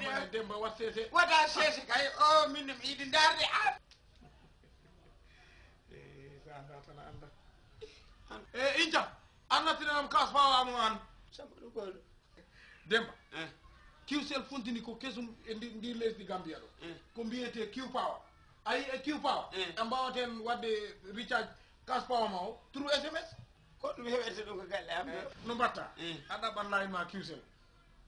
naade demba wat seese wata seese kay o min ne mi yiɗi darde an ah. eh, sa anda tan anda e inja an nattinanam kas fawamo an samaɗugoɗo demba eh. kiwsel fontini ko kesum e ndi lesdi gambia ɗo ko mbiyete kiw pawa ayi e kiw pawa e mbawaten wadde richarge kas pawa ma o trou sms ko ɗum heɓete ɗum ko galle am no mbatta a ɗaɓɓan layin ma kiwsel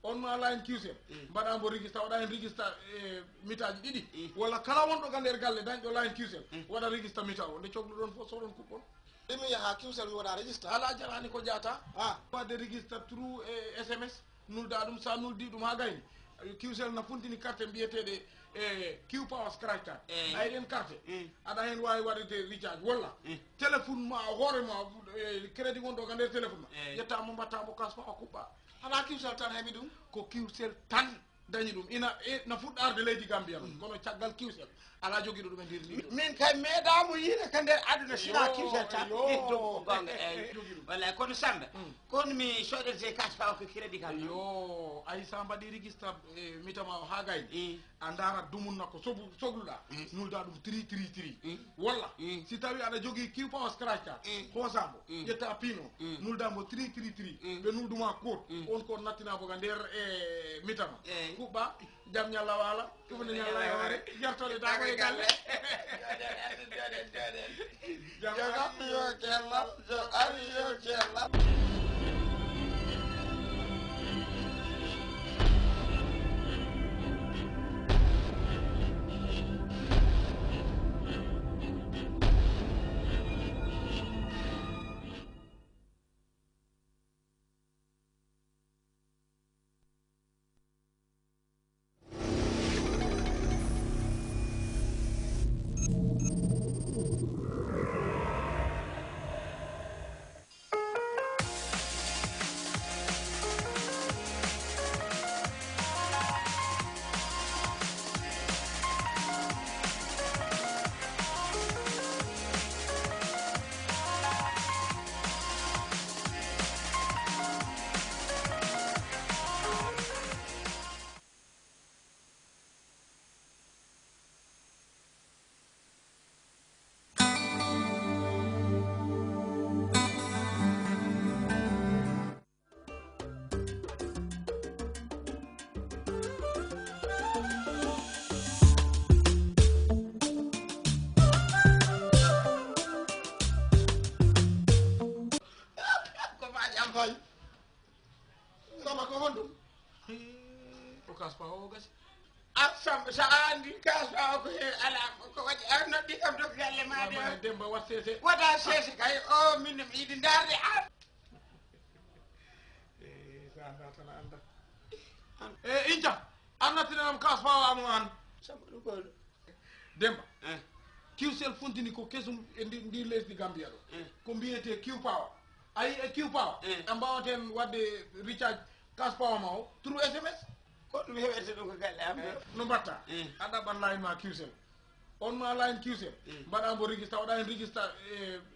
on ma ala hen kiwsel mbaɗa mbo registre waɗa hen e eh, mitaji ɗiɗi mm. walla kala wonɗo ga nder galle dañɗo la hen kiwsel waɗa registre mita o nde ɗon fof soɗon kuɓɓon ɗimi yaha wi waɗa registre ala jarani ko jaata ah. wadde registre trou e eh, sms nulda ɗum sa nuldi ɗum ha gayni kiusel na funtini carte mbiyeteɗe e eh, kiw power scratch ayiɗen ɗen carte mm. aɗa hen wawi waɗede ricage walla mm. téléphone ma hoorema crédit gonɗo ga nder téléphone ma ƴettamo mbattamo kasma a kuɓɓa ala kiusel tan he mi ɗum ko kiusel tan dañi ɗum ina e, no fuɗɗarde leydi gambia ɗum kono caggal kiwsel ala joguiɗo e, ɗum hmm. e ndir min kay meeɗamo yiide ka nder aduna sina o si tawi aɗa jogui kiw pawa scratch ta hoosamo ƴetta pino nuldamo tri tri tri ɓe nulduma koot on ko nattinabo ga nder e mitama e, Kuba jam ñalla wala tufni ñalla yore jartole da koy galle joga yo kellam jo ari yo kellam paspahogas asam so andi kaso ko he ala ko waɗi demba wat sese waɗa sese kay o minne mi yiɗi darde an ah. eh, sanda tan anda e eh, inja annatinanam kas fawamu an sabu ɗum koɗo demba pawa ayi e kiw pawa e mbawaten mi weerta ɗum ko galle am no eh. mbatta eh. aɗa ɓat line ma kiusel on ma line kiusel eh. mbaɗa mbo régista waɗa hen régista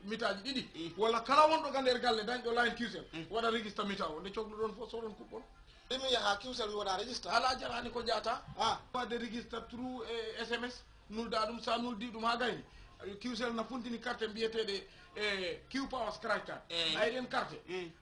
mitaji ɗiɗi walla kala wonɗo ga nder galle dañɗo line kiusel waɗa régista mita o nde cohluɗon fof soɗon kuɓɓon ɗimi yaha kiusel mi waɗa régista ala jarani ko jaata ah. wadde régista trou e sms nulda ɗum sa nuldi ɗum ha gayni kiusel na funtini carte mbiyeteɗe e kiw powers crash card ayi ɗen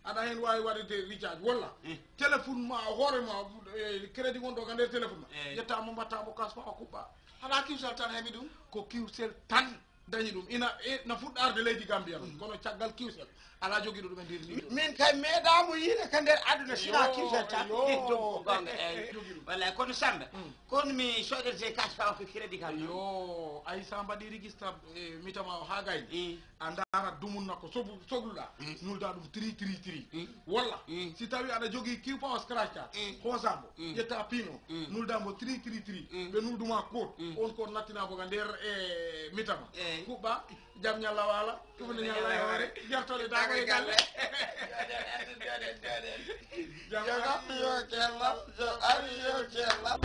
aɗa hen wawi waɗede recharge walla eh. téléphone ma hoore ma e, crédit gonɗo ka nder téléphone ma eh. yettamo mbattamo kasma o kuɓɓa haɗa kiusel tan heeɓi ɗum ko kiusel tan dañi ɗum ina e, na fuɗɗarde leydi gambia ɗum mm. kono caggal kiusel ala jogiɗo ɗum e min kay meeɗamo yiide ka nder aduna sina kirtata eh, ɗum gonga eyyi wallay kono samba hmm. kono mi soɗerte kas fawa ko crédit kam yo ay sa mbaɗi régista e, mitama o ha gayni hmm. a daara dumunna ko sobu sohluɗa hmm. nulda ɗum tri tri tri walla si tawi aɗa jogui kipawa scratch ta hoosambo ƴetta pino nuldambo tri tri tri ga nder e mitama eh. jam ñalla wala tubni ñalla yore jartoli ta koy galle joden joden joden joga yo kellam jo ari yo kellam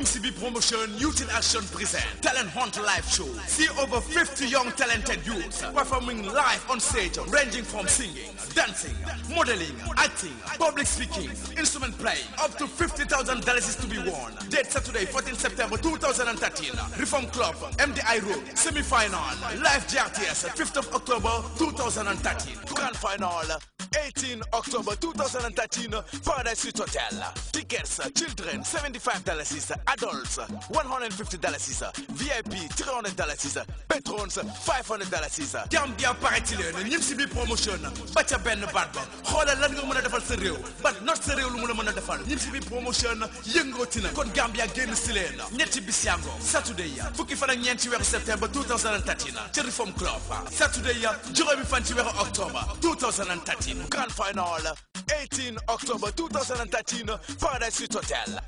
MCB Promotion Youth in Action present Talent Hunt Live Show. See over 50 young talented youths performing live on stage ranging from singing, dancing, modeling, acting, public speaking, instrument playing. Up to $50,000 is to be won. Date Saturday, 14 September 2013. Reform Club, MDI Road, semi-final. Live GRTS, 5th of October 2013. Grand final, 18 October 2013, Paradise Suite Hotel. Tickets, uh, uh, adults, uh, VIP, patrons, 500 dollars. Gambia parity leen promotion ba benn baat ba xoolal lan nga mën not sa réew la mën a promotion yëngooti na kon Gambia ya fukki fan ak Club Saturday ya juróomi fan ci weeru Grand Final, 18 October 2013, Paradise Suite Hotel.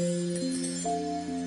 Música